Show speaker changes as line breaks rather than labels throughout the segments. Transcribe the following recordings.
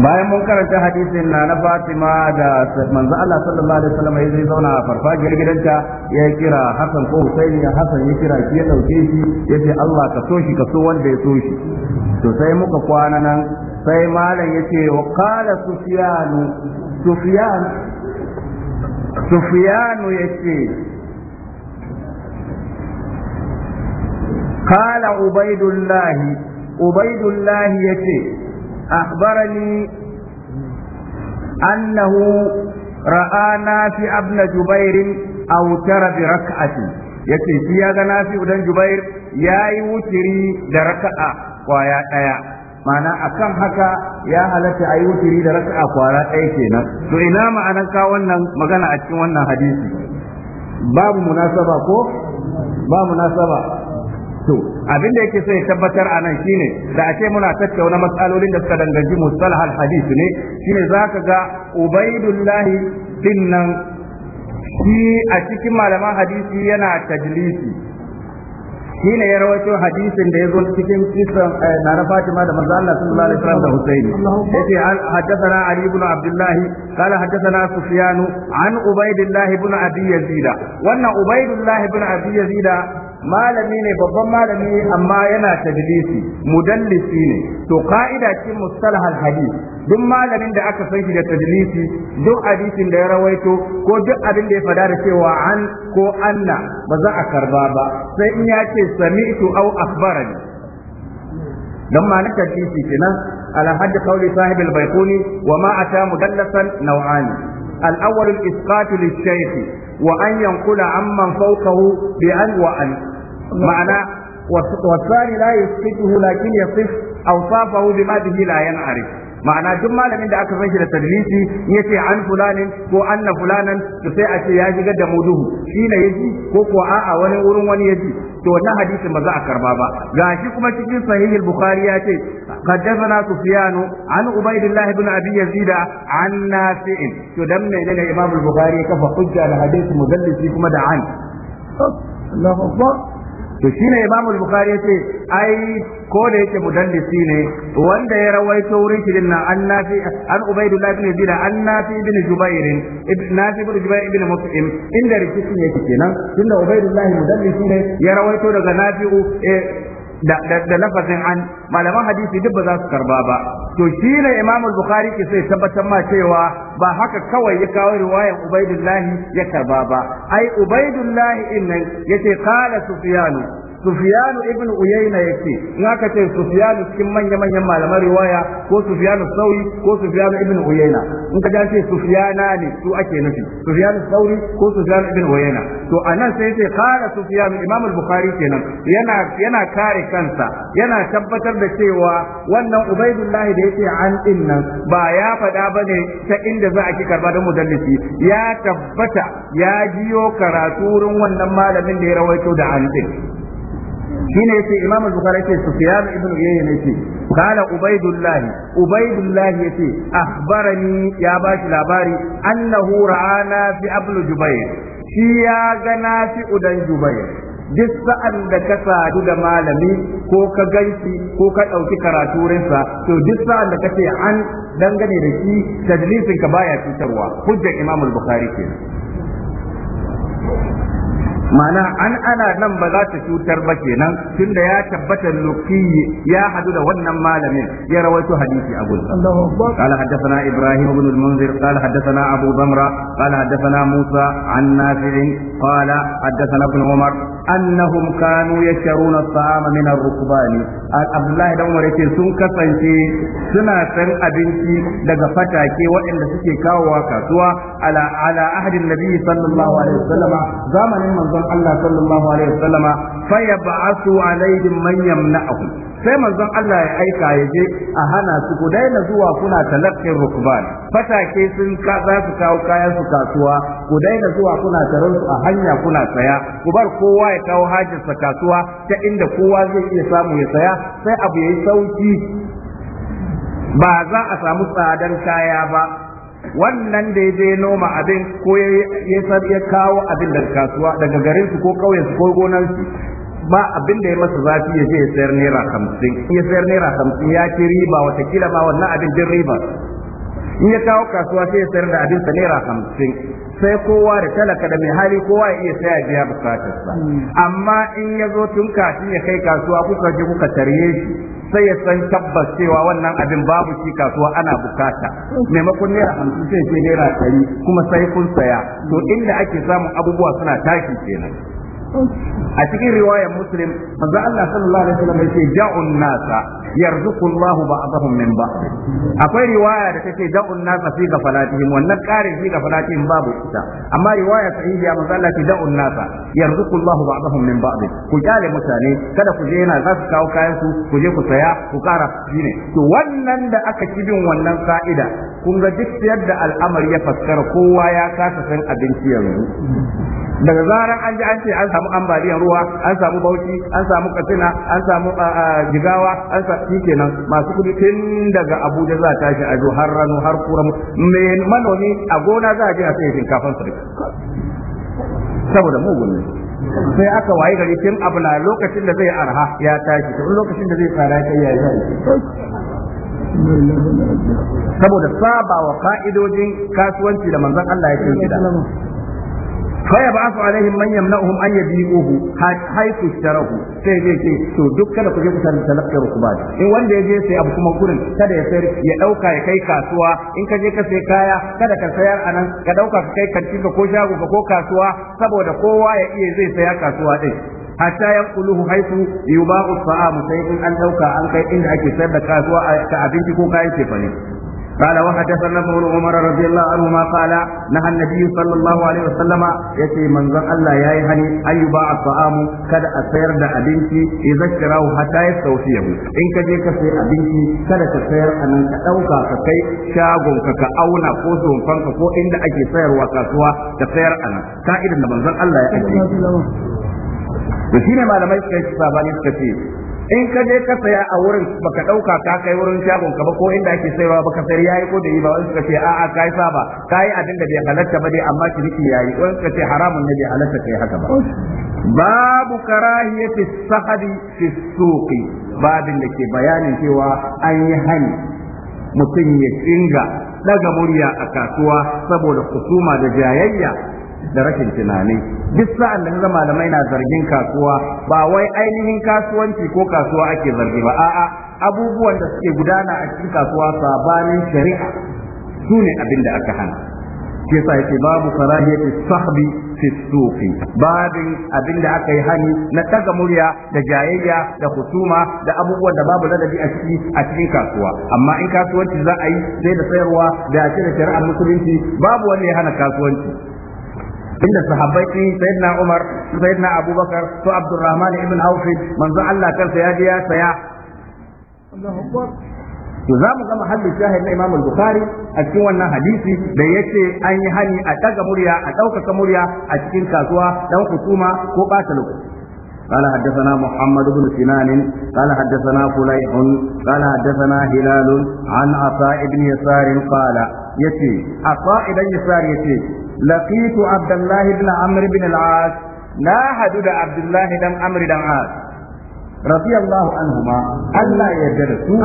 bayan mun karanta hadisin na na Fatima da manzo Allah sallallahu alaihi wasallam ya zauna a farfajiyar gidanta ya kira Hassan ko Husaini ya Hassan ya kira shi ya dauke shi ya ce Allah ka so shi ka so wanda ya so shi to sai muka kwana nan sai malam ya ce wa qala Sufyan Sufyan Sufyan ya ce قال عبيد الله عبيد الله يتي أخبرني أنه رأى نافع ابن جبير ya بركعة يكي في هذا نافع ابن جبير wutiri وتري دركعة ويا أيا ma'ana akan haka ya halarta a yi wuturi da raka'a kwara ɗaya kenan to ina ma'anan ka wannan magana a cikin wannan hadisi babu munasaba ko ba munasaba to abin da yake so ya tabbatar a nan shine da a ce muna tattauna matsalolin da suka danganci mustalah al hadith ne shine zaka ga ubaidullahi din nan shi a cikin malaman hadisi yana tajlisi shine ya rawaito hadisin da ya cikin kisan eh, na Fatima da manzo Allah sallallahu alaihi wasallam da Husaini yace haddathana Ali ibn Abdullah قال حدثنا سفيان عن عبيد الله بن ابي يزيد وان عبيد الله بن ابي يزيد malami ne babban malami amma yana tadlisi mudallisi ne to ka'ida ce mustalahal hadith duk malamin da aka san shi da tadlisi duk hadisin da ya rawaito ko duk abin da ya fada da cewa an ko anna ba za a karba ba sai in ya ce sami'tu au akhbarani dan ma na tadlisi kenan ala haddi qawli sahib al-bayquni wa ma ata mudallasan naw'ani al-awwal al-isqatu lish-shaykh وأن ينقل عمن فوقه بأن وأن معنى والثاني لا يثبته لكن يصف أوصافه بما به لا ينعرف ma'ana duk malamin da aka san shi da tadrisi ya ce an fulanin ko anna fulanan to sai a ce ya shigar da muduhu shi ne ya ji ko ko a'a wani wurin wani ya ji to na hadisin ba za a karba ba gashi kuma cikin sahihul bukhari ya ce حدثنا سفيان عن عبيد الله بن ابي يزيد عن نافع to dan ne ne imam al-bukhari kafa hujja da hadisi mudallisi kuma da an to shine imamu al-bukhari yace ai ko da yake mudallisi ne wanda ya rawaito wurin shi dinnan annafi an ubaidullah bin zida annafi bin jubair ibn nafi bin jubair ibn muslim inda rikicin ne kenan tunda ubaidullah mudallisi ne ya rawaito daga nafi'u eh, da lafazin an malaman hadisi duk ba za su karba ba to shi ne imam bukhari ke sai tabbatar ma cewa ba haka kawai ya kawo riwayar ubaidullahi ya karba ba ai ubaidullahi inna yace qala sufyanu Sufiyanu ibn Uyayna yake in aka ce Sufiyanu cikin manya manyan malaman riwaya ko Sufiyanu Sauri ko Sufiyanu ibn Uyayna in ka ce Sufiyana ne su ake nufi Sufiyanu Sauri ko Sufiyanu ibn Uyayna to anan sai ce kara Sufiyanu Imam al-Bukhari kenan yana yana kare kansa yana tabbatar da cewa wannan Ubaidullahi da yake an din nan ba ya faɗa bane ta inda za a ki karba da mudallisi ya tabbata ya jiyo karatu wurin wannan malamin da ya rawaito da an shine yace imam al-bukhari yace sufyan ibn uyayna yace qala ubaidullah ubaidullah yace akhbarani ya bashi labari annahu ra'ana fi ablu jubayr shi ya ga nafi udan jubayr duk sa'an da ka sadu da malami ko ka ganshi ko ka ɗauki rinsa, to duk sa'an da ka ce an dangane da shi tadlisin ka baya cutarwa hujjar imam al-bukhari kenan ma'ana an ana nan ba za ta cutar ba kenan tunda ya tabbata lukiyi ya hadu da wannan malamin ya rawaito hadisi a gudu قال حدثنا ابراهيم بن المنذر قال حدثنا ابو بمره قال حدثنا موسى عن نافع قال حدثنا ابن عمر annahum kanu yasharuna at-ta'ama min ar-rukban Abdullahi dan Umar yake sun kasance suna san abinci daga fatake waɗanda suke kawowa kasuwa ala ala ahdin nabi sallallahu alaihi wasallam zamanin manzon Allah sallallahu alaihi wasallam fa yab'athu alaihim man sai manzon Allah ya aika ya je a hana su ku daina zuwa kuna talaqqin rukban fatake sun ka za su kawo kayan su kasuwa ku daina zuwa kuna taron su a hanya kuna saya ku bar kowa ya kawo hajarsa kasuwa ta inda kowa zai iya samu ya saya sai abu yayi sauki ba za a samu tsadar kaya ba wannan da ya je noma abin ko ya kawo abin daga kasuwa daga garin su ko kauyen su ko gonar su ba abin da ya masa zafi ya je ya sayar naira hamsin ya sayar naira hamsin ya ci riba watakila ma wannan abin din riba in ya kawo kasuwa sai ya sayar da abin sa naira hamsin sai kowa da talaka da mai hali kowa ya iya saya biya sa amma in ya zo tun kafin ya kai kasuwa kuka je kuka tarye shi sai ya san tabbas cewa wannan abin babu shi kasuwa ana bukata maimakon naira hamsin sai ce naira ɗari kuma sai kun saya to inda ake samun abubuwa suna tashi kenan a cikin riwayar muslim manzo Allah sallallahu alaihi wasallam yace da'un nasa yarzuqu Allahu ba'dahum min ba'd akwai riwaya da take da'un nasa fi gafalatihim wannan karin fi gafalatihim babu ita amma riwaya sahihiya manzo Allah ce da'un nasa yarzuqu Allahu ba'dahum min ba'd ku jale mutane kada ku je yana za su kawo kayan ku ku je ku saya ku kara shine to wannan da aka kibin wannan fa'ida kun ga duk yadda al'amari ya fassara kowa ya kasa san abinci yanzu daga zaran an ji an ce an samu ambaliyar ruwa an samu bauchi an samu katsina an samu jigawa an samu kenan masu kudi tun daga abuja za ta shi ajo har rano har kura mai manomi a gona za a je a sai shinkafan sa saboda mugun ne sai aka waye gari tun abu na lokacin da zai arha ya tashi to lokacin da zai tsara kai ya yi saboda saba wa ka'idojin kasuwanci da manzan Allah ya ce فيبعث عليهم من يمنعهم أن يبيعوه حيث اشتروه sai zai ce to duk kada ku je ku san talakar rukubat in wanda ya je sai abu kuma gurin kada ya sayar ya ɗauka ya kai kasuwa in ka je ka sai kaya kada ka sayar a nan, ka ɗauka ka kai kanti ka ko shago ka ko kasuwa saboda kowa ya iya zai saya kasuwa ɗin hatta yanquluhu haythu yuba'u at-ta'am sai in an dauka an kai inda ake sayar da kasuwa ka abinci ko kayan cefane قال وحدثنا ابن عمر رضي الله عنهما قال نهى النبي صلى الله عليه وسلم يتي من ذا الله يا يهني أن يباع الطعام كد أسير دا أبنتي إذا اشتراه حتى يستوفيه إن كجي كسي أبنتي كد كسير أن تأوكا ككي شاغم كأونا قوسهم فانك فو إن أجي سير وكاسوا كسير أنا كائد من ذا الله يا أجي to shine malamai suka yi sabani suka ce in ka je ka saya a wurin baka dauka ka kai wurin shagon ka ba ko inda ake sayarwa baka sayar yayi ko da yi ba wani suka ce a'a kai saba kai abin da bai halatta ba dai amma ciniki yayi wani suka ce haramun ne bai halatta kai haka ba babu karahiyati sahadi fi suqi babin da ke bayanin cewa an yi hani mutum ya tsinga, daga murya a kasuwa saboda kusuma da jayayya da rashin tunani duk sa'an da zama malamai na zargin kasuwa ba wai ainihin kasuwanci ko kasuwa ake zargi ba a'a abubuwan da suke gudana a cikin kasuwa sabanin shari'a su ne abin da aka hana ke sa yake babu karahiyati sahbi fi suqi babin abin da aka yi hani na daga murya da jayayya da kusuma da abubuwan da babu ladabi a ciki a cikin kasuwa amma in kasuwanci za a yi sai da sayarwa da ake da shari'ar musulunci babu wanda ya hana kasuwanci inda sahabbai din sayyidina Umar sayyidina Abubakar to Abdurrahman ibn Auf manzo Allah kansa ya je ya saya Allahu Akbar to za mu ga mahallin shahid na Imam Bukhari a cikin wannan hadisi da yace an yi hani a daga murya a ɗaukaka murya a cikin kasuwa dan hukuma ko ɓata lokaci قال حدثنا محمد بن سنان قال حدثنا فليح قال حدثنا هلال عن عطاء بن يسار قال يتي عطاء بن يسار يتي laqitu abdullahi ibn amr ibn al-as na hadu da abdullahi dan amr dan as radiyallahu anhuma Allah ya yarda da su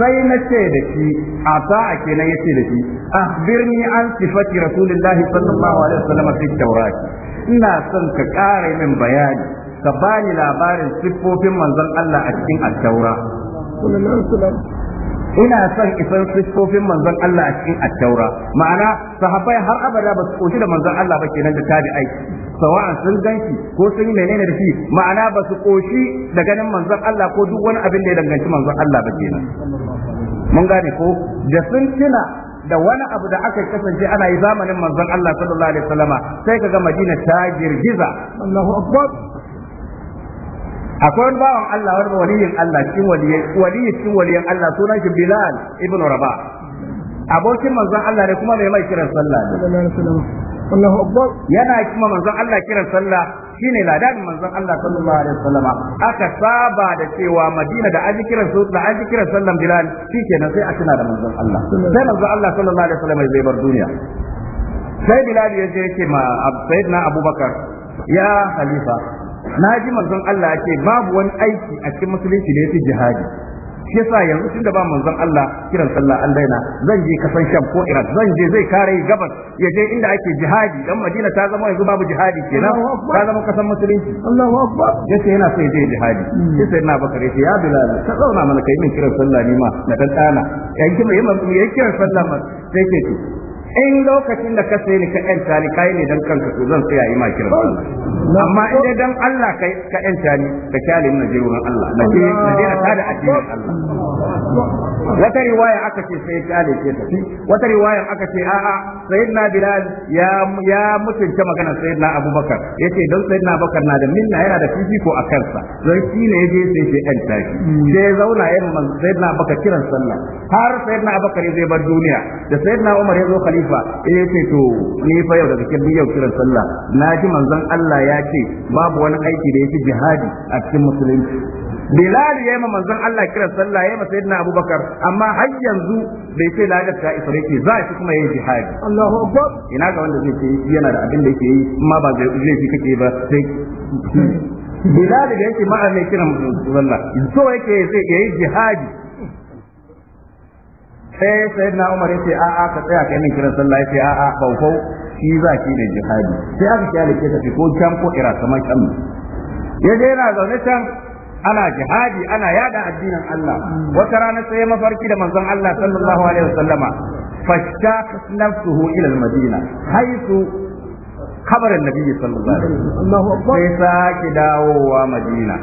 sai na ce da shi a sa'a kenan yace da shi akhbirni an sifati rasulillahi sallallahu alaihi wasallam fi tawrat ina son ka kare min bayani ka bani labarin siffofin manzon Allah a cikin at ina son isan siffofin manzon Allah a cikin attaura ma'ana sahabbai har abada ba su koshi da manzon Allah ba kenan da tabi'ai sawa'an sun ganki ko sun yi menene da shi ma'ana ba su koshi da ganin manzon Allah ko duk wani abin da ya danganci manzon Allah ba kenan mun gane ko da sun tuna da wani abu da aka kasance ana yi zamanin manzon Allah sallallahu alaihi wasallama sai kaga Madina ta girgiza Allahu akbar akwai wani bawan Allah wani waliyin Allah cikin waliyin waliyin cikin waliyin Allah sunan shi Bilal ibn Rabah abokin manzon Allah ne kuma mai mai kiran sallah Allahu akbar yana kuma manzon Allah kiran sallah shine ladan manzon Allah sallallahu alaihi wasallama aka saba da cewa Madina da aji kiran su da aji kiran sallan Bilal shikenan sai a tuna da manzon Allah sai manzon Allah sallallahu alaihi wasallama bai bar duniya sai Bilal ya je yake ma Sayyidina Abubakar ya Khalifa na ji manzon Allah ya ce babu wani aiki a cikin musulunci da fi jihadi shi yasa yanzu tunda ba manzon Allah kiran sallah an daina zan je kasan Sham ko Iraq zan je zai kare gabas ya je inda ake jihadi dan Madina ta zama yanzu babu jihadi kenan ta zama kasan musulunci Allahu akbar yace yana sai je jihadi hmm. sai sai bakar yace ya bilal ka zauna mana kai min kiran sallah ni ma na dan dana yayin kiran sallah ma sai ke in lokacin da ka sai ni ka yanta ni kai ne dan kanka to zan tsaya yi ma kirba amma idan dan Allah kai ka yanta ni ka kyale ni je wurin Allah na je na je na tada addinin Allah wata riwaya aka ce sai kyale ke tafi wata riwaya aka ce a'a sayyidina Bilal ya ya mutunta magana sayyidina Abubakar yace don sayyidina Abubakar na da minna yana da fifiko a kansa don shi ne yaje sai ke yanta shi sai zauna yana sayyidina Abubakar kiran sallah har sayyidina Abubakar zai bar duniya da sayyidina Umar ya zo khalifa fa eh sai to ni fa yau daga cikin yau kiran sallah na ji manzon Allah ya ce babu wani aiki da yake jihadi a cikin musulunci Bilal ya yi ma manzon Allah kiran sallah ya yi ma sayyidina Abubakar amma har yanzu bai ce la ta isa yake za shi kuma yi jihadi Allahu akbar ina ga wanda zai ce yana da abin da yake yi amma ba zai fi kake ba sai Bilal da yake ma'a mai kiran sallah so yake ya yi jihadi sai sayyidina Umar ya a a ka tsaya kai min kiran sallah yace a a shi za ki da jihadi sai aka kiyaye ke tafi ko can ko ira kamar can ya je yana zaune can ana jihadi ana yada addinin Allah wata rana sai mafarki da manzon Allah sallallahu alaihi wasallama fashta nafsuhu ila al-madina haythu kabarin nabi sallallahu alaihi wasallam sai sake dawowa madina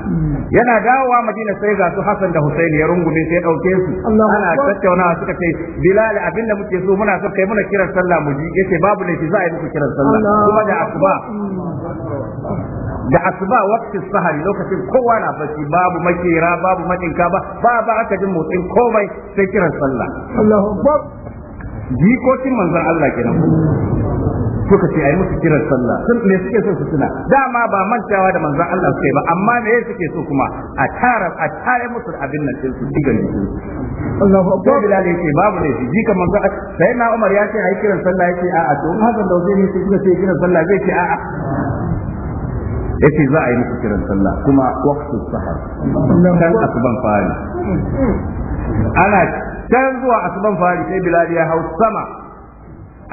yana dawowa madina sai ga su hasan da husaini ya rungume sai dauke su ana tattaunawa suka ce bilal abin da muke so muna so kai muna kiran sallah mu ji yace babu ne za a yi muku kiran sallah kuma da asuba da asuba wakti sahari lokacin kowa na bacci babu makera babu madinka ba ba ba aka jin motsin komai sai kiran sallah Allahu akbar jikokin manzon Allah kenan suka ce ai musu kiran sallah sun me suke so su tuna dama ba mantawa da manzon Allah suke ba amma me suke so kuma a tara a tare musu abin nan sai su diga ne Allahu akbar bilal yake babu ne ji kan manzon sai na Umar ya ce ai kiran sallah yake a a to hakan da wani musu suka ce kiran sallah zai ce a a yace za a yi musu kiran sallah kuma waqtu sahar kan asuban fari ana can zuwa asuban fari sai bilal ya hau sama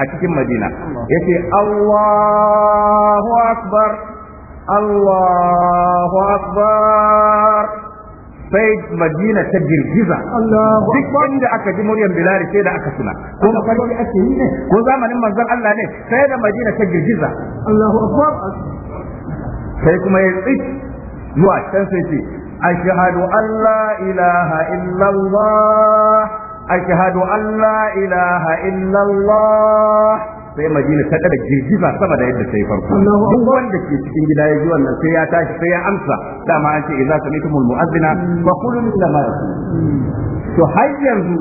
a cikin madina yace Allahu akbar Allahu akbar sai madina ta girgiza duk inda aka ji muryar bilal sai da aka suna. ko mafarki ake yi ne ko zamanin manzon Allah ne sai da madina ta girgiza Allahu akbar sai kuma ya tsik zuwa can sai ce ashhadu an la ilaha illallah أشهد أن لا إله إلا الله sai madina ta da girgiza sama da yadda sai farko duk wanda ke cikin gida ya ji wannan sai ya tashi sai ya amsa dama an ce idza sami'tumul mu'azzina fa qulu lima to har yanzu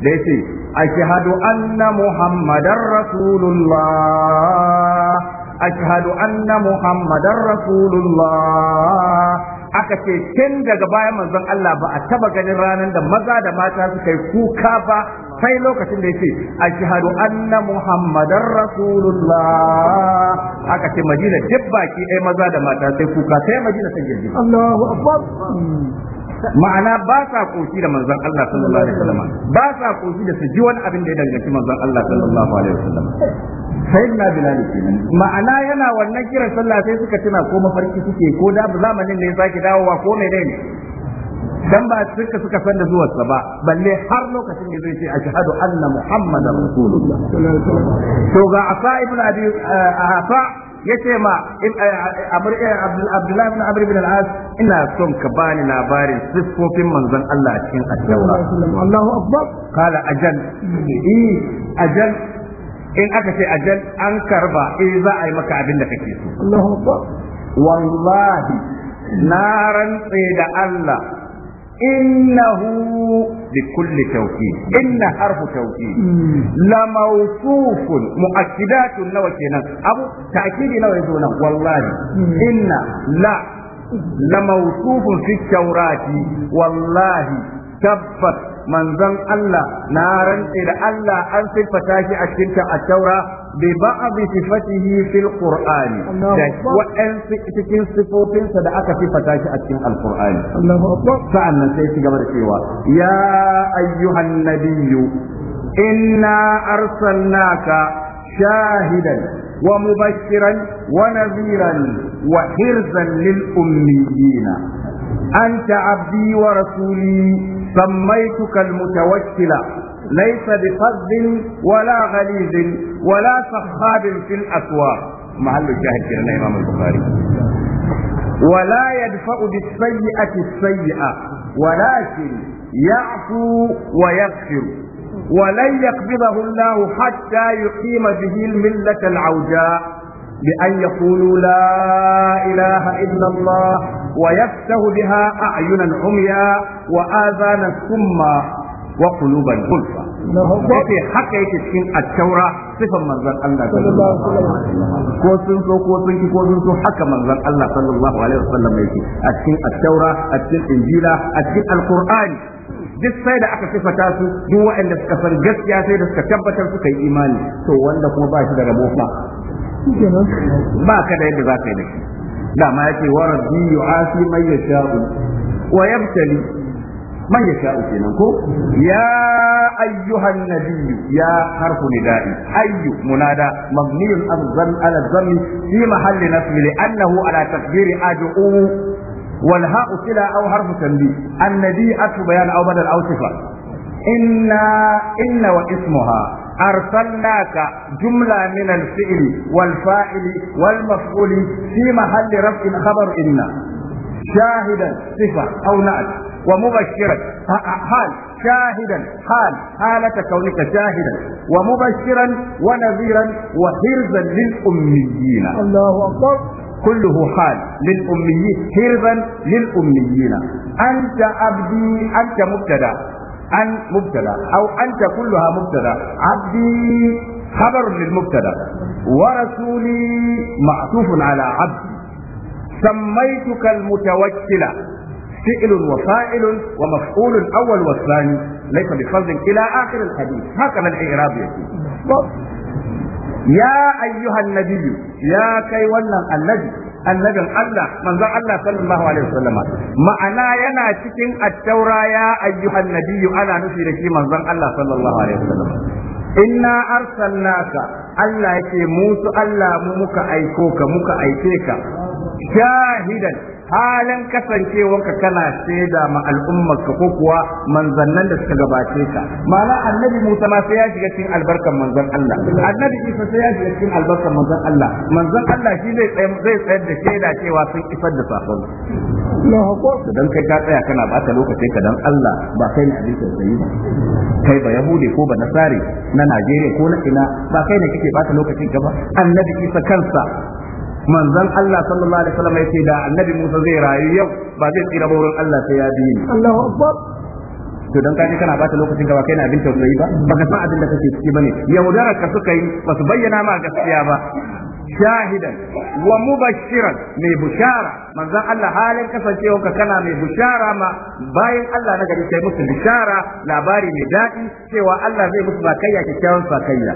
da yace ashhadu anna muhammadar rasulullah ashhadu anna muhammadar rasulullah aka ce tun daga bayan manzon Allah ba a taba ganin ranar da maza da mata suka yi kuka ba sai lokacin da yake shahadu anna muhammadar rasulullah aka ce madina duk baki ɗaya maza da mata sai kuka sai madina sai girgi Allahu akbar ma'ana ba sa koshi da manzon Allah sallallahu alaihi wasallam ba sa koshi da su ji wani abin da ya danganci manzon Allah sallallahu alaihi wasallam sayyidina bilal kenan ma'ana yana wannan kiran sallah sai suka tuna ko mafarki suke ko da zamanin ne sake dawowa ko me ne, dan ba suka suka san da zuwarsa ba balle har lokacin da zai ce ashhadu anna muhammadar rasulullah to ga asa ibn abi eh, asa yace ma eh, eh, abdullahi ibn amr ibn al-as ina son ka bani labarin siffofin manzon Allah cikin at-taura Allahu akbar qala ajal hmm. ajal in aka ce ajal an karba in eh, za a yi maka abin da kake so Allahu akbar wallahi na rantse da Allah innahu bi kulli tawkid inna harfu tawkid hmm. la mawsufun muakkidatun nawa kenan abu ta'kidi nawa yazo nan wallahi hmm. inna la la mausufun fi tawrati wallahi tabbas manzon Allah na rantse da Allah an siffata shi a cikin at-taura bi ba'd sifatihi fil qur'an da wa'an cikin sifofinsa da aka siffata shi a cikin al-qur'an sa'annan sai shi gaba da cewa ya ayyuhan nabiyyu inna arsalnaka shahidan wa mubashiran wa nadhiran wa hirzan lil ummiyina anta abdi wa rasuli سميتك المتوكل ليس بفظ ولا غليظ ولا صخاب في الأسواق محل الشاهد كان الإمام البخاري ولا يدفع بالسيئة السيئة ولكن يعفو ويغفر ولن يقبضه الله حتى يقيم به الملة العوجاء بأن يقولوا لا إله إلا الله ويفتح بها أعينا عميا وآذانا سما وقلوبا غلفا yake haka yake cikin attaura sifan manzon Allah sallallahu alaihi ko sun so ko sun ki ko sun haka manzon Allah sallallahu alaihi wasallam yake a cikin attaura a cikin injila a cikin alqur'ani duk sai da aka sifata su duk waɗanda suka san gaskiya sai da suka tabbatar suka yi imani to wanda kuma ba shi da rabo ba ka da yadda za ka yi da shi dama yake ce yu'asi man yasha'u wa yabtali man yasha'u kenan ko ya ayyuhan nabiyyu ya harfu nida'i ayyu munada mabniyun afzan ala dhammi fi mahalli nasbi li annahu ala taqdiri ad'u والهاء صلة أو حرف تنبيه النبي أتو بيان أو بدل أو صفة إن إن واسمها أرسلناك جملة من الفعل والفاعل والمفعول في محل رفع خبر إنا شاهدا صفة أو نعت ومبشرا حال شاهدا حال حالة كونك شاهدا ومبشرا ونذيرا وحرزا للأميين الله أكبر كله حال للأميين حرزا للأميين أنت عبدي أنت مبتدأ أن مبتدا أو أنت كلها مبتدا عبدي خبر للمبتدا ورسولي معطوف على عبدي سميتك المتوكلة فعل وفاعل ومفعول الأول والثاني ليس بفرض إلى آخر الحديث هكذا الإعراب يكون يا أيها النبي يا كي النبي annabin Allah manzon Allah sallallahu alaihi wasallam ma'ana yana cikin at-taura ya ayyuhan nabiyyu ana nufi da shi manzon Allah sallallahu alaihi wasallam inna arsalnaka Allah yake musu Allah mu muka aiko ka muka aike ka shahidan halin kasancewarka kana shaida ma ka, ko kuwa nan da suka gabace ka mana annabi Musa ma sai ya shiga cikin albarkan manzon Allah annabi Isa sai ya shiga cikin albarkan manzon Allah manzon Allah shi zai zai tsayar da shaida cewa sun isar da sakon Allahu akbar dan kai ka tsaya kana bata lokacin ka dan Allah ba kai ne abin tausayi yi kai ba yahudi ko ba nasari na Najeriya ko na ina ba kai ne kike bata lokacin ka ba annabi Isa kansa manzon Allah sallallahu alaihi wasallam yace da annabi Musa zai rayu yau ba zai tsira ba wurin Allah sai ya bi ni Allahu akbar to dan kaje kana bata lokacin gaba kai na abin tausayi ba baka san abin da kake ciki bane yaudara ka suka yi ba su bayyana ma gaskiya ba shahidan wa mubashiran mai bushara manzon Allah halin kasancewa ka kana mai bushara ma bayan Allah na gari kai musu bushara labari mai daɗi cewa Allah zai musu bakayya kyakkyawan sakayya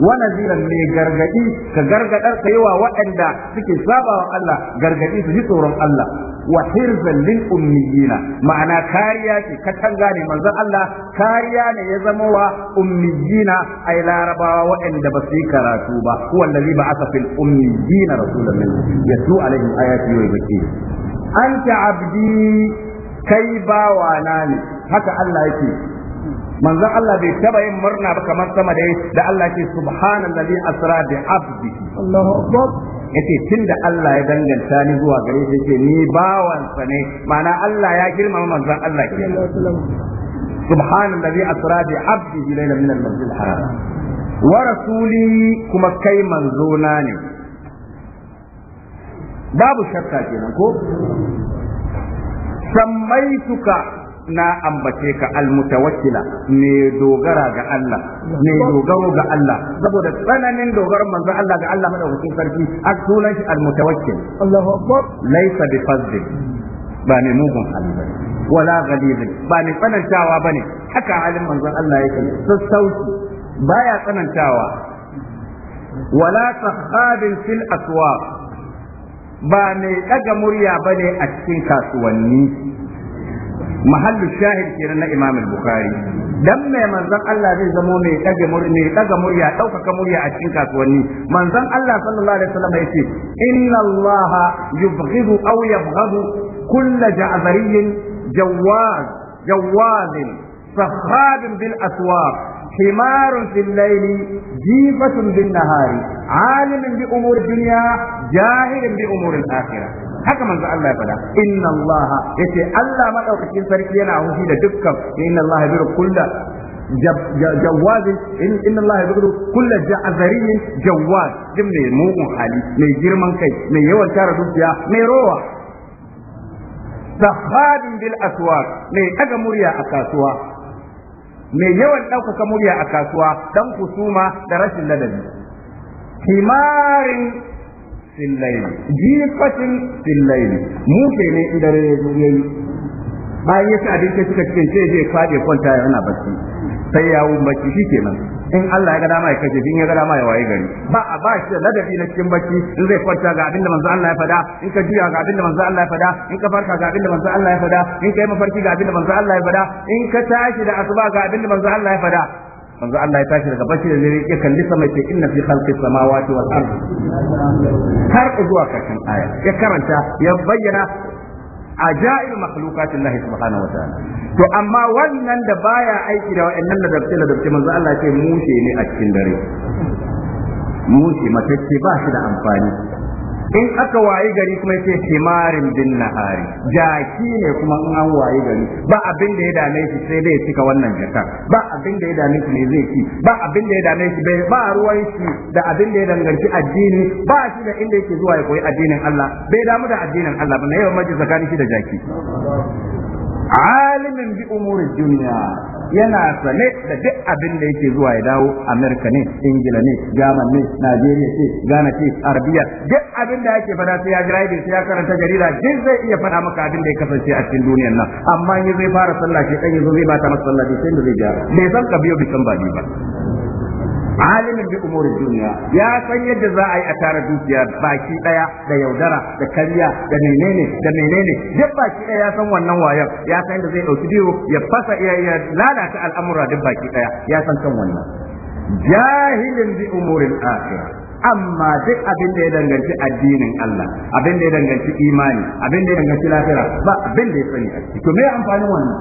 wa naziran mai gargadi ka gargadar ka yi wa waɗanda suke saba wa Allah gargadi su ji tsoron Allah wa hirzan lil ummiyina ma'ana kariya ce tanga ne manzon Allah kariya ne ya zama wa ummiyina ai larabawa waɗanda ba su yi karatu ba huwa ba aka fil ummiyina rasulan min yatlu ayati wa yuzakki anta abdi kai bawana ne haka Allah yake manzon Allah bai taba yin murna ba kamar sama da da Allah ke subhanallazi asra bi abdi Allahu akbar yace tunda Allah ya danganta ni zuwa gare shi yace ni bawansa ne ma'ana Allah ya girmama manzon Allah ke. subhanallazi asra bi abdihi laylan min al-masjid al-haram wa rasuli kuma kai manzona ne babu shakka kenan ko sammaituka na ambace ka almutawakkila ne dogara ga Allah ne dogaro ga Allah saboda tsananin dogaron manzo Allah ga Allah madaukakin sarki a sunan shi almutawakkil Allahu akbar laysa bi fazli ba ne mugun hali ba wala ghalibin ba ne tsanantawa bane haka halin manzon Allah yake sassauci baya tsanantawa wala sakhabin fil aswaq ba mai daga murya bane a cikin kasuwanni mahallu shahid kenan na Imam Bukhari dan mai manzon Allah zai zamo mai daga murni daga murya ɗaukaka murya a cikin kasuwanni manzon Allah sallallahu alaihi wasallam yace inna Allah yubghidu aw yabghadu kull ja'zariyin jawaz جواز صخاب بالأسواق حمار في hari, جيفة bi عالم بأمور الدنيا bi بأمور الآخرة haka manzo Allah ya faɗa inna Allah yace Allah madaukakin sarki yana hushi da dukkan inna Allah bi kullu جواز إن, ان الله يقول كل جعذري جواز دم مي مو حالي مي جرمان كي مي يوان تارا دوكيا مي روح سخاب بالاسواق مي اجا مريا اكاسوا مي يوان دوكا مريا اكاسوا دم خصومة درس اللدن حمار fil jifatin fil mu ne in dare ya zo yayi bayan ya abinci suka cikin sai zai fade kwanta yana bacci sai ya wun bacci shikenan in Allah ya ga dama ya kace in ya ga dama ya waye gari ba a ba shi ladabi na cikin bacci in zai kwanta ga abinda manzo Allah ya fada in ka juya ga abinda manzo Allah ya fada in ka farka ga abinda manzo Allah ya fada in ka yi mafarki ga abinda manzo Allah ya fada in ka tashi da asuba ga abinda manzo Allah ya fada manzo Allah ya tashi daga bacci da dare ya kalli sama ce inna fi khalqi samawati wal ard har zuwa karshen aya ya karanta ya bayyana ajail makhluqatin Allah subhanahu wa ta'ala to amma wannan da baya aiki da wayannan da dabce da dabce manzo Allah ya ce mushe ne a cikin dare mushe matacce ba shi da amfani in aka wayi gari kuma yake himarin bin nahari jaki ne kuma in an wayi gari ba abin da ya dame shi sai dai cika wannan jaka ba abin da ya dame shi ne zai ci ba abin da ya dame shi bai ba ruwan shi da abin da ya danganci addini ba shi da inda yake zuwa ya koyi addinin Allah bai damu da addinin Allah ba na yawan maji tsakanin shi da jaki alimin bi umurin duniya yana sane da duk abin da yake zuwa ya dawo Amerika ne Ingila ne Jaman ne Najeriya ce Ghana ce Arabiya duk abin da yake fada sai ya jira sai ya karanta jarida duk zai iya fada maka abin da ya kasance a cikin duniyar nan amma in zai fara sallah shi dan yanzu zai bata masa sallah sai da zai ja bai san ka biyo bisan ba ba alimin bi umurin duniya ya san yadda za a yi a tara dukiya baki daya da yaudara da kariya da menene da menene duk baki daya ya san wannan wayar, ya san yadda zai dauki diwo, ya fasa ya lalata al'amura duk baki daya ya san kan wannan jahilin bi umurin akhirah amma duk abin da ya danganci addinin Allah abin da ya danganci imani abin da ya danganci lafiya ba abin da ya sani a ciki to me amfanin wannan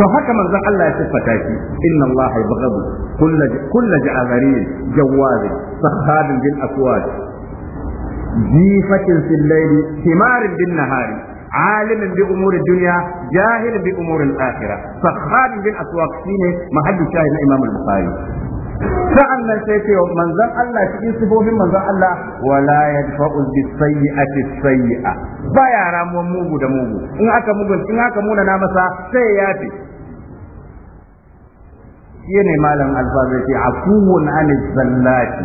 to haka manzon Allah ya siffata shi inna Allah yabghadu kullu kullu ja'arin jawaz sahab bil aswad jifatin fil layli himar bin nahari عالم بأمور الدنيا جاهل بأمور الآخرة فخاب بالأسواق سيني محل شاهد الإمام البخاري sa'an nan sai ce manzon Allah cikin sifofin manzon Allah wala ya yadfa'u bisayyi'ati sayyi'a ya ramuwan mugu da mugu in aka mugun in aka muna na masa sai ya fi ne malam alfaza ce afuwun anil zallati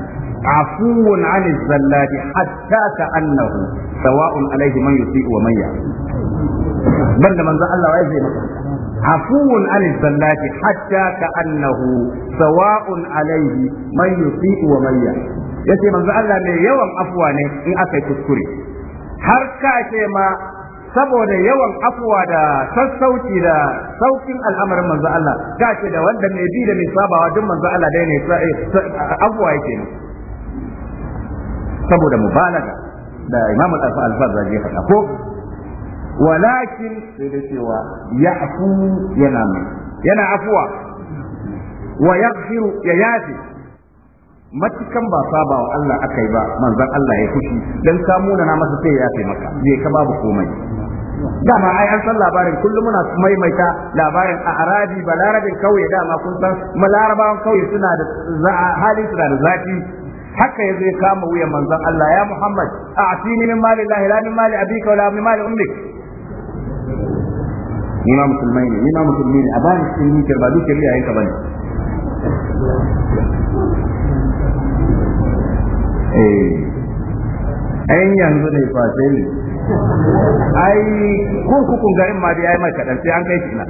afuwun anil zallati hatta ta annahu sawa'un alaihi man yusi wa man ya banda manzon Allah wai zai maka عفو عن الزلات حتى كأنه سواء عليه من يسيء ومن يحسن yace manzo Allah mai yawan afuwa ne in aka yi kuskure har ka ce ma saboda yawan afuwa da sassauci da saukin al'amarin manzo Allah ka ce da wanda mai bi da mai sabawa duk manzo Allah dai ne afuwa yake ne saboda mubalaga da Imam Al-Alfa Al-Fazaji faɗa ko walakin sai da cewa ya afu yana mai yana afuwa wa ya yafe matukan ba saba wa Allah aka yi ba manzan Allah ya fushi dan samu na masa sai ya yafe maka je ka babu komai dama ai an san labarin kullum muna maimaita labarin a arabi ba larabin kauye dama kun san larabawan kauye suna da hali suna da zafi haka ya zai kama wuya manzan Allah ya Muhammad a asini min mali lahi la min mali abika wala min mali ummik ni ma musulmai ne ni ma musulmi ne a bani cikin hijjar ba duk shari'a yanka bane eh ayin yanzu ne face ne ai kurkukun garin ma da yayi mai kadan sai an kai shi na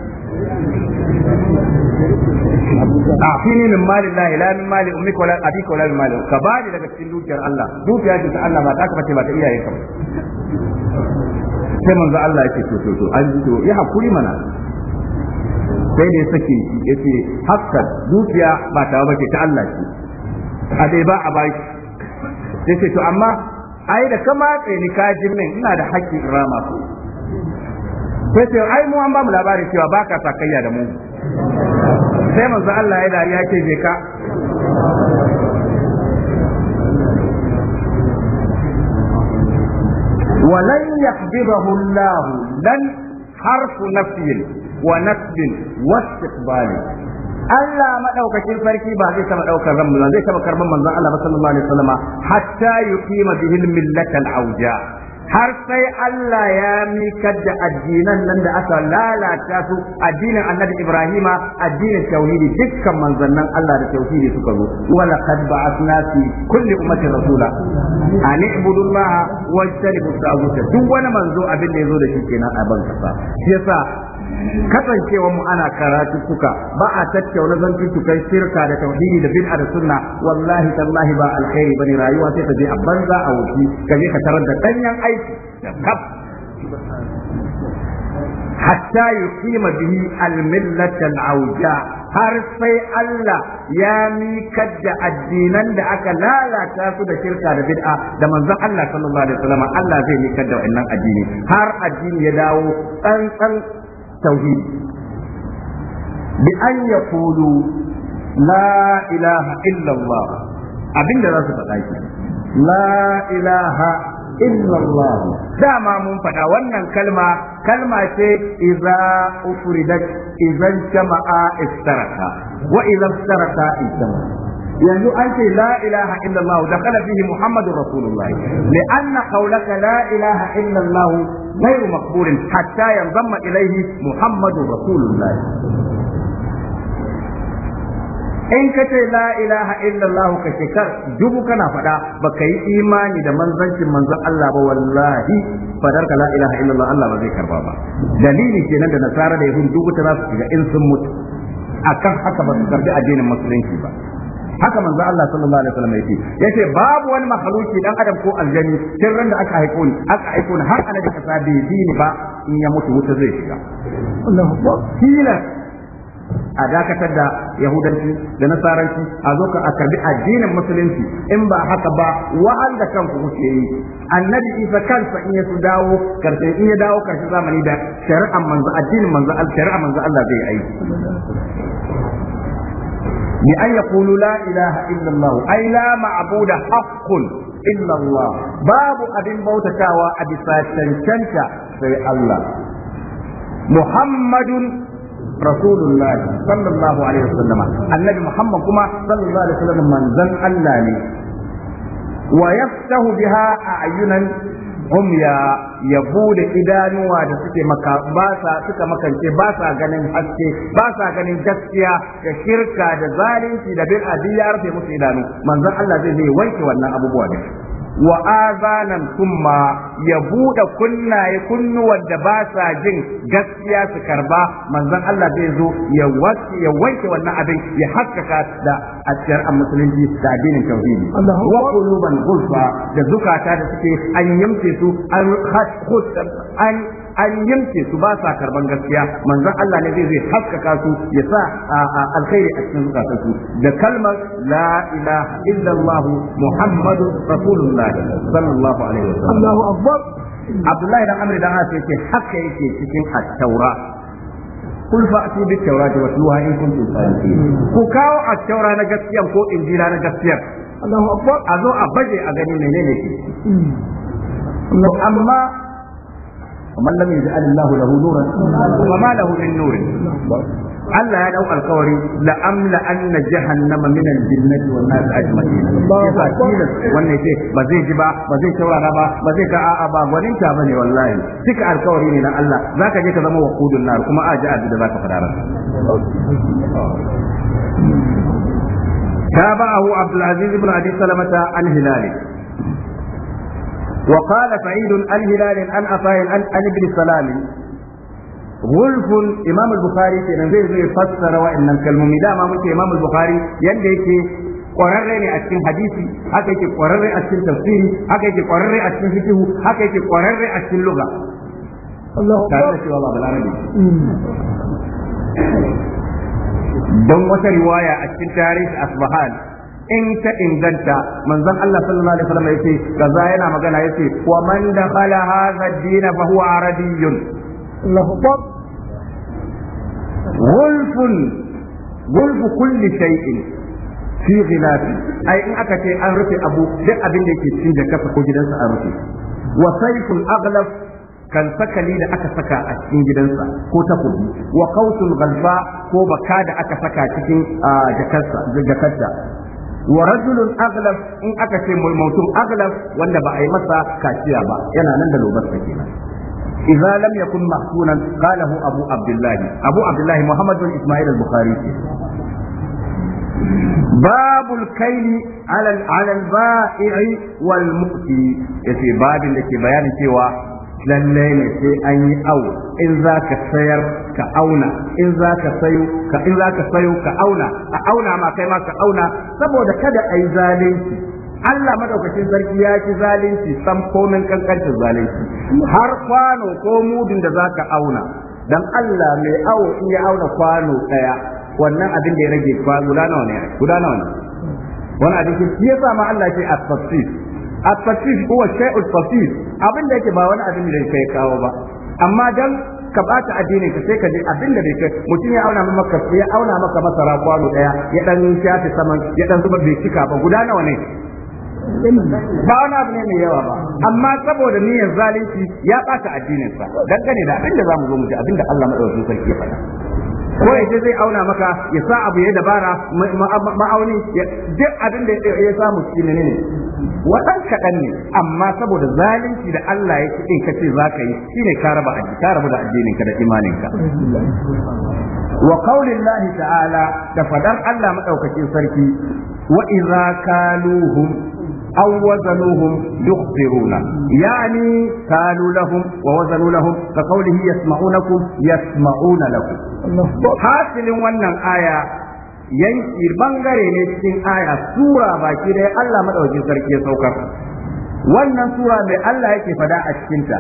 a fini min mali lahi la min mali ummika wala abika wala min mali ka bani daga cikin dukiyar Allah dukiya ce ta Allah ba ta ka bace ba ta iyaye ka sai manzo Allah ya ce to to to an ji to ya hakuri mana sai ne saki sake ya ce hakka dukiya ba ta bace ta Allah ce a dai ba a bai yace to amma ai da ka matse ni ka min ina da haƙƙin rama ku sai ai mu an ba mu labari cewa ba ka sakayya da mu sai manzo Allah ya dariya ce je ka ولن يقبضه الله لن حرف نفي ونسب واستقبال Allah madaukakin sarki ba zai taba daukar ran zai taba karban manzon Allah sallallahu alaihi wasallama hatta yuqima bihil millatal al har sai Allah ya mikar da addinan nan da aka lalata su addinin annabi Ibrahima addinin tauhidi dukkan manzannin Allah da tauhidi suka zo wala qad ba'athna fi kulli ummatin rasula an ibudu Allah wa istanibu duk wani manzo abin da yazo da shi kenan a ban kasa yasa kasancewar mu ana karatu suka ba a tattauna kai shirka da tauhidi da bid'a da sunna wallahi tallahi ba alkhairi bane rayuwa sai ta je a banza a wuce ka je ka tarar da danyen aiki da kaf hatta yuqima bihi almillat alawja har sai Allah ya mikar da addinan da aka lalata su da shirka da bid'a da manzon Allah sallallahu alaihi wasallam Allah zai mikar da wannan addini har addini ya dawo tsantsan التوحيد بأن يقولوا لا إله إلا الله أبين دراسة بقاية لا إله إلا الله دعما من فدا وانا الكلمة كلمة إذا أفردت إذا انجمع استركا وإذا افترقا انجمع yanzu an ce la ilaha illallah da kala fihi muhammadur rasulullah li anna qawlaka la ilaha illallah غير مقبول حتى ينضم إليه محمد رسول in ka ce la ilaha illallah ka shekar dubu kana faɗa baka yi imani da manzancin manzan Allah ba wallahi fadar ka la ilaha illallah Allah ba zai karba ba dalili kenan da nasara da yahud dubu ta za su shiga in sun mutu akan haka ba su karbi addinin musulunci ba haka manzo Allah sallallahu alaihi wasallam yake yace babu wani makhluki dan adam ko aljani sirrin da aka haiko ni aka haiko ni har ana da kasa bai dini ba in ya mutu wuta zai shiga Allahu akbar kila a dakatar da yahudanci da nasaranci a zo ka a karbi addinin musulunci in ba haka ba wa'al da kanku kuke yi annabi isa kansa in ya su dawo karshe in ya dawo karshe zamani da shari'ar manzo addinin manzo shari'ar manzo Allah zai yi aiki bi an yaqulu la ilaha illa Allah la ma'budu haqqun illa babu abin bautatawa a bisa sai Allah Muhammadun rasulullah sallallahu alaihi wasallama annabi Muhammad kuma sallallahu alaihi wasallam manzon Allah ne wa yaftahu biha ayyunan? umya ya bude idanuwa da suke maka ba sa suka makance ba sa ganin haske ba sa ganin gaskiya da shirka da zalunci da bin ya rufe musu idanu manzon Allah zai zai wanke wannan abubuwa ne wa azanan kuma ya buɗe kunnaye kunnuwan da ba sa jin gaskiya su karba manzon Allah zai zo ya wanke ya wanke wannan abin ya haskaka da asiyar musulunci da addinin tauhidi wa quluban ghulfa da zukata da suke an yamce su an an an yanke su ba sa karban gaskiya manzon Allah ne zai zai haskaka su ya sa alkhairi a cikin zukatan su da kalmar la ilaha illallah muhammadu rasulullah sallallahu alaihi wasallam Allahu akbar Abdullahi dan Amr dan As yake haka yake cikin at-Taura قل فأتوا بالتوراة واتلوها إن كنتم صادقين كوكاو التوراة نجسيا كو إنجيلا نجسيا الله أكبر أزو أبجي أغني منين amma man lam yaj'al Allahu lahu nuran wa ma lahu min nurin Allah ya dau alkawari la amla anna jahannama min al-jinnati wan nas ajma'in wannan yace ba zai ji ba ba zai taurara ba ba zai ka a'a ba gwanin ta bane wallahi duka alkawari ne na Allah zaka je ka zama waqudun nar kuma a ji da zaka fadara تابعه عبد العزيز بن ابي سلمه الهلالي وقال سعيد عن هلال عن عطاء عن ابن سلام gulfun imam al-bukhari kenan zai zai fassara wa'annan kalmomi dama muke imam al-bukhari yanda yake kwararre ne a cikin hadisi haka yake kwararre a cikin tafsiri haka yake kwararre a cikin fiqh haka yake kwararre a cikin lugha Allah ta don wata riwaya a cikin tarihi in ta inganta manzon Allah sallallahu alaihi wasallam yace kaza yana magana yace wa man dakhala hadha ad-din fa huwa arabiyyun Allahu gulfun gulf kulli shay'in fi ghilafi ai in aka ce an rufe abu duk abin da yake cikin jakarta ko gidansa an rufe wa sayful aghlaf kan sakali da aka saka a cikin gidansa ko takobi wa qawsul ghalba ko baka da aka saka cikin ah, jakarta wa rajulun aghlab in aka ce mulmautu aghlab wanda ba a yi masa kaciya ba yana nan da lobar sa kenan idza lam yakun mahsunan qalahu abu abdullah abu abdullah muhammad bin isma'il al-bukhari باب الكيل على على البائع والمؤتي في باب اللي في بيان cewa lallai ne sai an yi awo in za ka sayar ka auna in za ka sayo ka in za ka sayo ka auna a auna ma kai ma ka auna saboda kada ai zalunci Allah madaukakin sarki ya ki zalunci san komin kankancin zalunci har kwano ko mudin da za ka auna dan Allah mai awo in ya auna kwano daya wannan abin da ya rage kwano guda nawa ne guda nawa ne wani abin shi yasa ma Allah ke ce tafsir at-tashrif huwa shay'ul fasid abin da yake ba wani abin da yake kawo ba amma dan ka bata addinin ka sai ka je abin da bai kai mutum ya auna maka ya auna maka masara kwano daya ya dan shafe saman ya dan zuba bai cika ba guda nawa ne ba wani abu ne mai yawa ba amma saboda niyyar zalunci ya bata addinin sa dangane da abin da zamu zo mu ji abin da Allah madaukakin sarki ya faɗa ko ya zai auna maka ya sa abu ya dabara ma'auni duk abin da ya samu shi ne ne wadan kadan ne amma saboda zalunci da Allah ya din kace zaka yi shine ka raba ka rabu da addinin ka da imanin ka wa Allah ta'ala da fadar Allah madaukakin sarki wa idza kaluhum أو وزنوهم يخبرون يعني قالوا لهم ووزنوا لهم كقوله يسمعونكم يسمعون لكم حاصل ونن آية ينكر bangare ne cikin aya sura baki daya Allah madaukakin sarki ya wannan sura mai Allah yake fada a cikin ta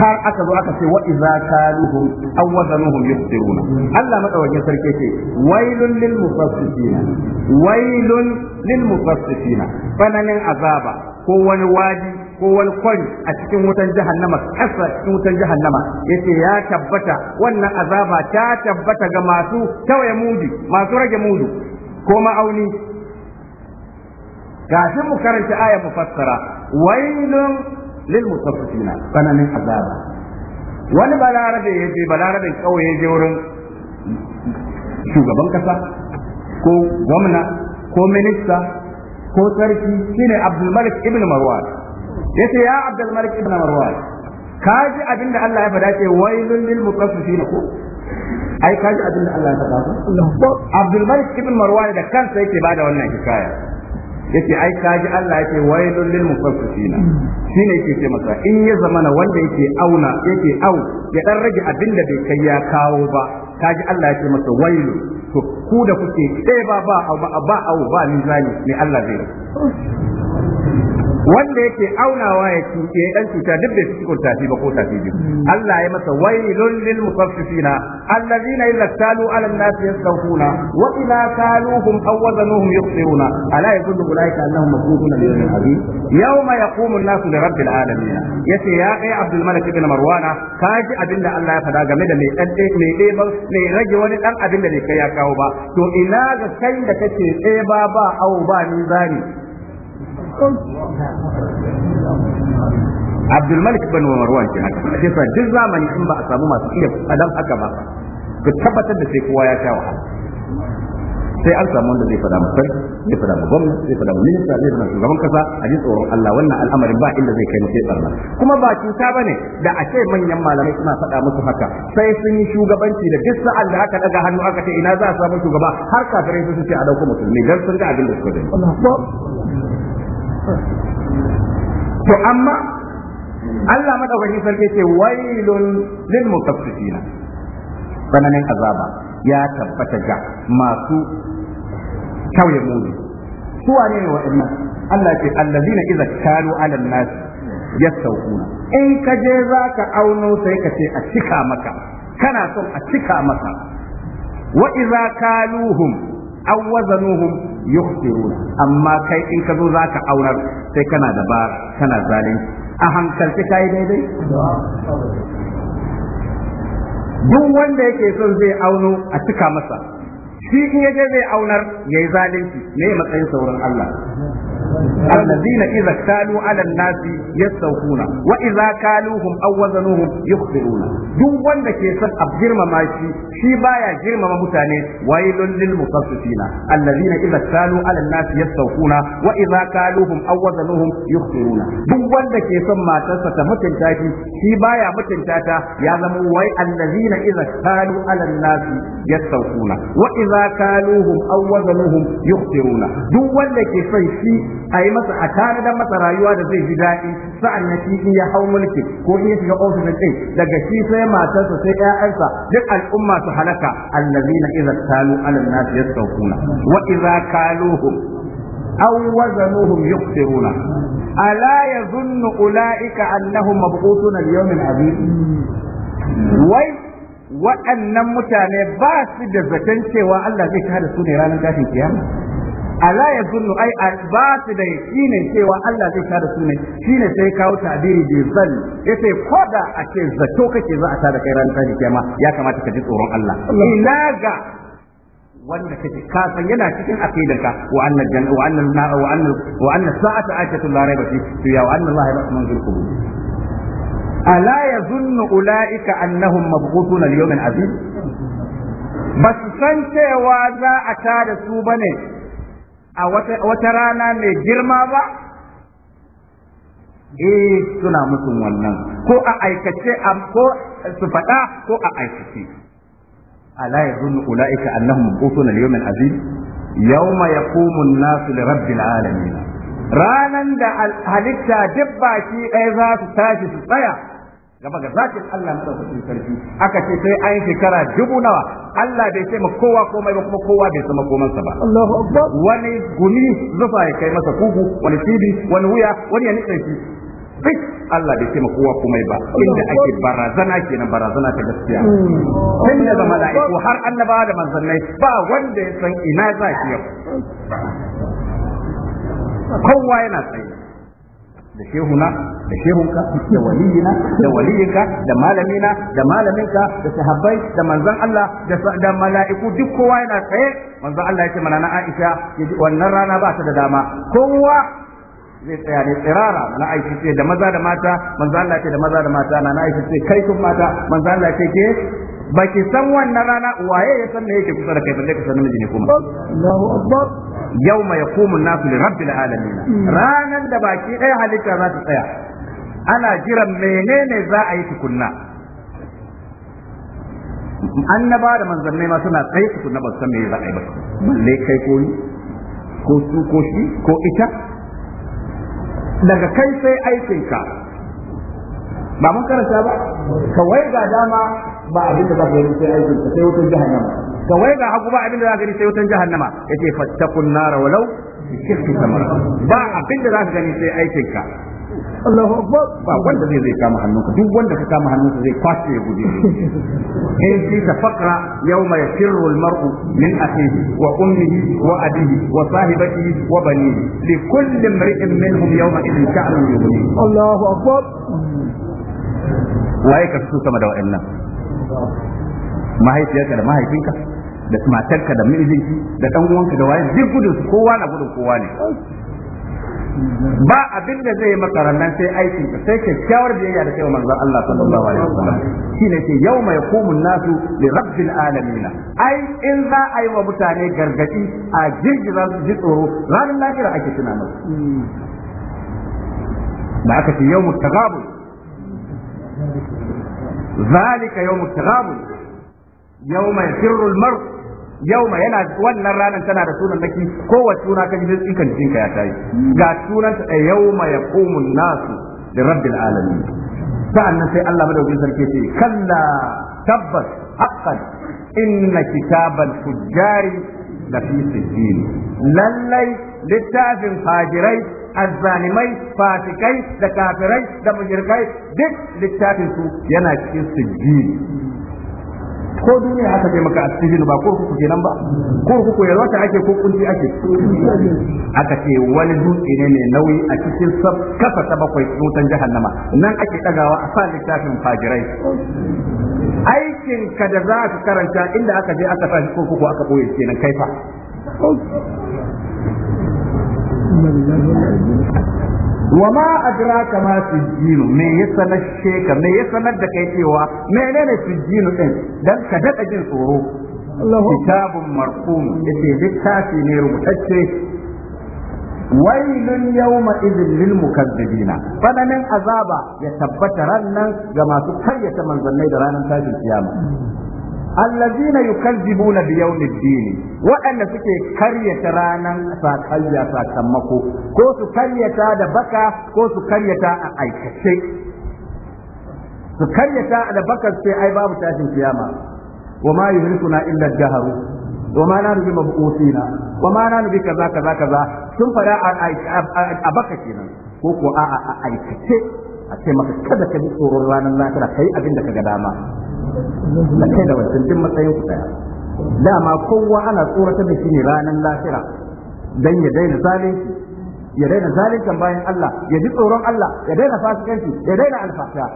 har aka zo aka ce wa idza kaluhum aw wazanuhum yusiruna Allah madawajin sarki ce wailun lil mufassitina wailun lil mufassitina fananin azaba ko wani wadi ko wani kwari a cikin wutan jahannama kasa cikin wutan jahannama yace ya tabbata wannan azaba ta tabbata ga masu tawaye mudu masu rage mudu ko ma'auni kafin mu karanta aya mufassara wailun lil mutaffifina sananin azaba wani balarabe ya je balarabe kauye je wurin shugaban kasa ko gwamna ko minista ko sarki shine malik ibn marwan yace ya Abdul malik ibn marwan kaji abinda Allah ya fada ce wailun lil mutaffifin ko ai kaji abinda Allah ya Allah ko malik ibn Marwan da kansa yake bada wannan hikaya yace ai kaji Allah yake wailul lil na, shine yake ce masa in ya zamana wanda yake auna yake au ya dan rage abinda bai kai ya kawo ba kaji Allah yake masa wailu to ku da kuke ɗaya eh, ba ba ba au ba zani ne Allah
zai
wanda yake aunawa ya cuce dan cuta duk da su cikin tafi ba ko tafi biyu Allah ya masa wailun lil mutaffifina alladhina idza talu ala an-nas yastawfuna wa idza kaluhum aw wazanuhum yusiruna ala yazunnu ulaika annahum mafruquna bi yawmin azim yawma yaqumu an-nas li rabbil alamin yace ya kai Abdul Malik ibn Marwana kaji abinda Allah ya faɗa game da mai dan mai mai rage wani dan abinda da kai ya kawo ba to ina ga kai da kake ɗeba ba au ba ni zani
Abdul
Malik Marwan ke haka sai sa duk zamani in ba a samu masu iya fadan haka ba ku tabbatar da sai kowa ya sha wahala sai an samu wanda zai fada masa zai fada ma zai fada ma minista zai fada shugaban kasa a ji tsoron Allah wannan al'amarin ba inda zai kai mu sai barna kuma ba cuta bane da a ce manyan malamai suna fada musu haka sai sun yi shugabanci da duk sa'an da aka daga hannu aka ce ina za a samu shugaba har kafirai su ce a dauko musulmi dan sun ga abin da suka yi to amma Allah madaukakin sarki ce wailun lil mutaffifina sananin azaba ya tabbata ga masu kauye muni su wane ne wa'annan Allah ce allazina idza kalu ala nas yastawquna in ka je zaka auno sai ka ce a cika maka kana son a cika maka wa idza kaluhum aw wazanuhum yukhsiruna amma kai in ka zo zaka aurar sai kana da ba kana zalunci a hankalci kai daidai duk wanda yake son zai auno a cika masa shi in yaje zai aunar yayi zalunci ne matsayin sauran Allah الذين إذا اكتالوا على الناس يستوفون وإذا كالوهم أو وزنوهم duk wanda ke son a girmama shi shi baya girmama mutane wailun lil mutaffifina allazina idza kalu ala an-nas yastawquna wa duk wanda ke son matarsa ta mutunta shi shi baya mutunta ta ya zama wai allazina idza kalu ala an-nas yastawquna wa duk wanda ke a yi masa a tanadar masa rayuwa da zai ji daɗi sa'an na shi ya hau mulki ko in ya shiga ofis ɗin daga shi sai matarsa sai ƴaƴansa duk al'umma su halaka allazina idza talu ala an-nas yastawquna wa idza kaluhum aw wazanuhum yuqsiruna ala yadhunnu ulaika annahum mabqutuna al-yawmin azim wai waɗannan mutane ba su da zaton cewa Allah zai kada su ne ranar gashin kiyama ala ya zunnu ai ba su da yakinin cewa Allah zai tada su ne shine sai kawo tabiri bi zan yace koda a ce zato kake za a tada kai ran tashi kiyama ya kamata ka ji tsoron Allah ila ga wanda kake ka san yana cikin aqidarka wa annal janna wa annal na'a wa annal wa anna sa'ata atatu la rayba fi to ya wa anna Allah yasmun bil qubur ala yazunnu ulaika annahum mabghutuna li yawmin azim ba su san cewa za a tada su bane a wata rana mai girma ba eh suna mutum wannan ko a aikace ko su faɗa ko a aikace ala yazunnu ulaika annahum na liyawmin azim yawma yaqumu an-nasu li rabbil alamin ranan da halitta duk baki ɗaya za su tashi su tsaya gaba ga zakin Allah madaukakin sarki aka ce sai an shekara dubu nawa Allah bai ce ma kowa komai ba kuma kowa bai sama komansa ba Allahu akbar wani gumi zufa ya kai masa kugu wani sidi wani wuya wani ya nitsa shi duk Allah bai ma kowa komai ba inda ake barazana kenan barazana ta gaskiya hmm. tun da zama da har annabawa da manzannai ba wanda ya san ina za shi yau kowa yana tsaye da shehuna da shehunka da waliyina da waliyinka da malamina da malaminka da sahabbai da manzon Allah da da mala'iku duk kowa yana tsaye manzon Allah yace mana na Aisha wannan rana ba ta da dama kowa zai tsaya ne tsirara na Aisha ce da maza da mata manzon Allah ce da maza da mata na Aisha ce kai kun mata manzon Allah ce ke baki san wannan rana waye ya san me yake kusa da kai balle ka san namiji ne kuma Allahu akbar yawma yaqumu an-nasu li rabbil alamin hmm. ranan da baki ɗaya halitta za ta tsaya ana jiran menene za a yi tukunna annaba da manzannai ma suna tsaye tukunna ba san me za a yi ba balle kai ko ni ko su ko shi ko ita daga kai sai aikinka ba mun karanta ba kawai ga dama ba abin da za ka yi sai aikin ka sai wutar jahannama ka wai ga hagu ba abin da za ka yi sai wutar jahannama yace fattakun nara walau shirku samara ba abin da za ka gani sai aikin ka Allahu akbar ba wanda zai zai kama hannunka duk wanda ka kama hannunka zai kwashe ya guje in fi tafaqra yawma yafirru almar'u min akhihi wa ummihi wa abihi wa sahibatihi wa banihi li kulli imri'in minhum yawma idhin sha'nun yughni Allahu akbar waye ka su sama da wa'annan mahaifiyarka da mahaifinka da matarka da mijinki da dan uwanka da wayan duk gudun kowa na gudun kowa ne ba abin da zai maka rannan sai aikin ka sai kyakkyawar biyayya da kai manzon Allah sallallahu alaihi wasallam shine ce yawma yaqumu nasu li rabbil alamin ai in za a yi wa mutane gargadi a jirgin su ji tsoro ranar lahira ake tuna musu da aka ce yawmu tagabu zalika yawmut taghabun yawma yafirru al-mar'u yawma yana wannan ranar tana da sunan naki kowace suna ka ji tsikan jinka ya tayi ga sunan ta yawma yaqumu an-nasu li rabbil sa'annan sai Allah madaukakin sarki ce kalla tabbas haqqan inna kitabal fujjari lafi sijjin lallai littafin fajirai azzalimai fasikai da kafirai da mujirkai duk littafin su yana cikin sujjini ko duniya haka ce maka asibin ba ko kurkuku kenan ba ko kurkuku ya wata ake ko kunji ake aka ce wani dutse ne mai nauyi a cikin sab kafa ta bakwai dutan jahannama nan ake dagawa a sa littafin fajirai aikin ka da za ka karanta inda aka je aka sa kurkuku aka boye kenan kaifa wa ma adraka ma sijjinu me yasa sanar sheka me ya sanar da kai cewa menene sijjinu din dan ka daɗa jin tsoro kitabun marqum yace littafi ne rubutacce wailun yawma idhil lil mukazzibina fadanan azaba ya tabbata rannan ga masu karyata manzannai da ranar tashin kiyama allazina yukazzibuna bi yawmid din waɗanda suke karyata ranan sakayya sakamako ko su karyata da baka ko su karyata a aikace su karyata da baka sai ai babu tashin kiyama wa ma yuhrikuna illa jaharu wa ma nanu bi mabqusina wa ma nanu bi kaza kaza kaza sun fara a baka kenan ko ko a aikace a ce maka kada ka bi tsoron ranar lahira kai abin da ka ga dama da kai da matsayin ku daya dama kowa ana tsoratar da shi ne ranar lafira dan ya daina zalunci ya daina zaluncin bayan Allah ya ji tsoron Allah ya daina fasikanci ya daina alfasiya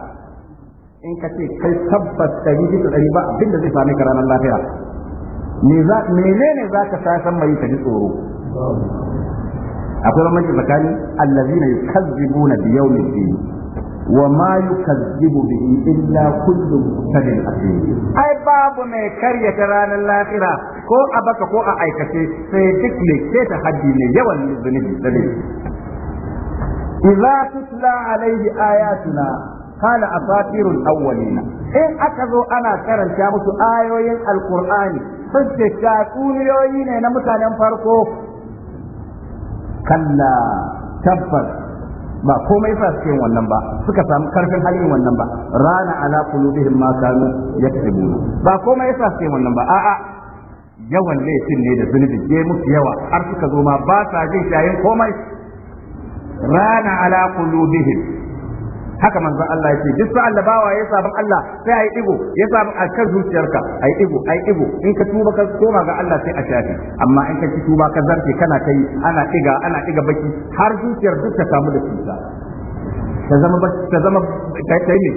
in ka ce kai tabbas ɗari bisa ɗari ba da zai sami ka ranar lafiya menene za ka san mai ka ji tsoro akwai bambanci tsakanin allazina yukazzibuna biyawmin وما يكذب به إلا كل مبتدع أثيم أي باب ما كرية ران الآخرة كو a كو ko a aikace sai duk ne ke ta haddi ne yawan zunubi da ne قال أساطير الأولين إن أكذو أنا كرن شابس آيوين القرآن فاستشاكون يوين نمتان ينفرقو كلا تبت ba komai sa suke wannan ba suka samu karfin halin wannan ba rana ala qulubihim ma kanu yaktubu ba komai sa suke wannan ba a'a yawan laifin ne da zunubi ke musu yawa har suka zo ma ba sa jin shayin komai rana ala qulubihim haka manzon Allah yake duk sa'an Allah bawa ya sabon Allah sai ayi digo ya sabon a kan zuciyarka ayi digo ayi digo in ka tuba ka koma ga Allah sai a shafi amma in ka ci tuba ka zarce kana kai ana diga ana diga baki har zuciyar duk ta samu da cuta ta zama ta zama kai kai ne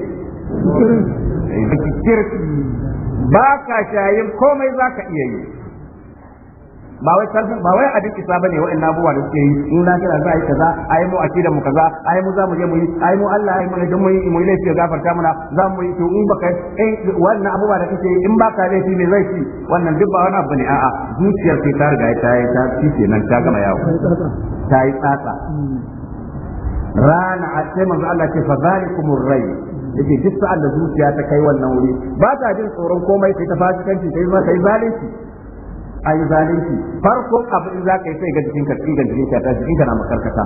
eh, ba ka shayin komai zaka iya yi ba wai karfin ba wai abin isa bane wa'annan abubuwa da suke yi mu na kira za a yi kaza a yi mu akida mu kaza a yi mu za mu je mu yi a yi mu Allah ya yi mu ne mu yi mu yi laifi ya gafarta mana za mu yi to in baka in eh, wannan abubuwa da kake in baka laifi ne zai ci wannan duk ba wani abu ne a'a zuciyar ke ta riga ta yi ta ci kenan ta gama yawo ta yi tsatsa rana sai manzo Allah ce fa zalikumur rayy yake duk sa'an da zuciya ta kai wannan wuri ba ta jin tsoron komai sai ta fasikanci sai ma sai zalunci Ayi yi zalunci farkon abin za ka yi sai ga jikin ka cikin jikin ka jikin ka na makarkata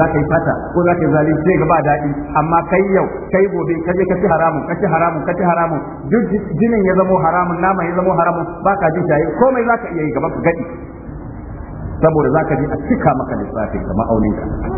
za ka yi fata ko za ka yi zalunci sai ga ba daɗi amma kai yau kai gobe ka je ka ci haramun ka ci haramun ka ci haramun duk jinin ya zamo haramun nama ya zamo haramun ba ka ji shayi komai za ka iya yi gaba ka gadi saboda za ka je a cika maka lissafin ka ma'auninka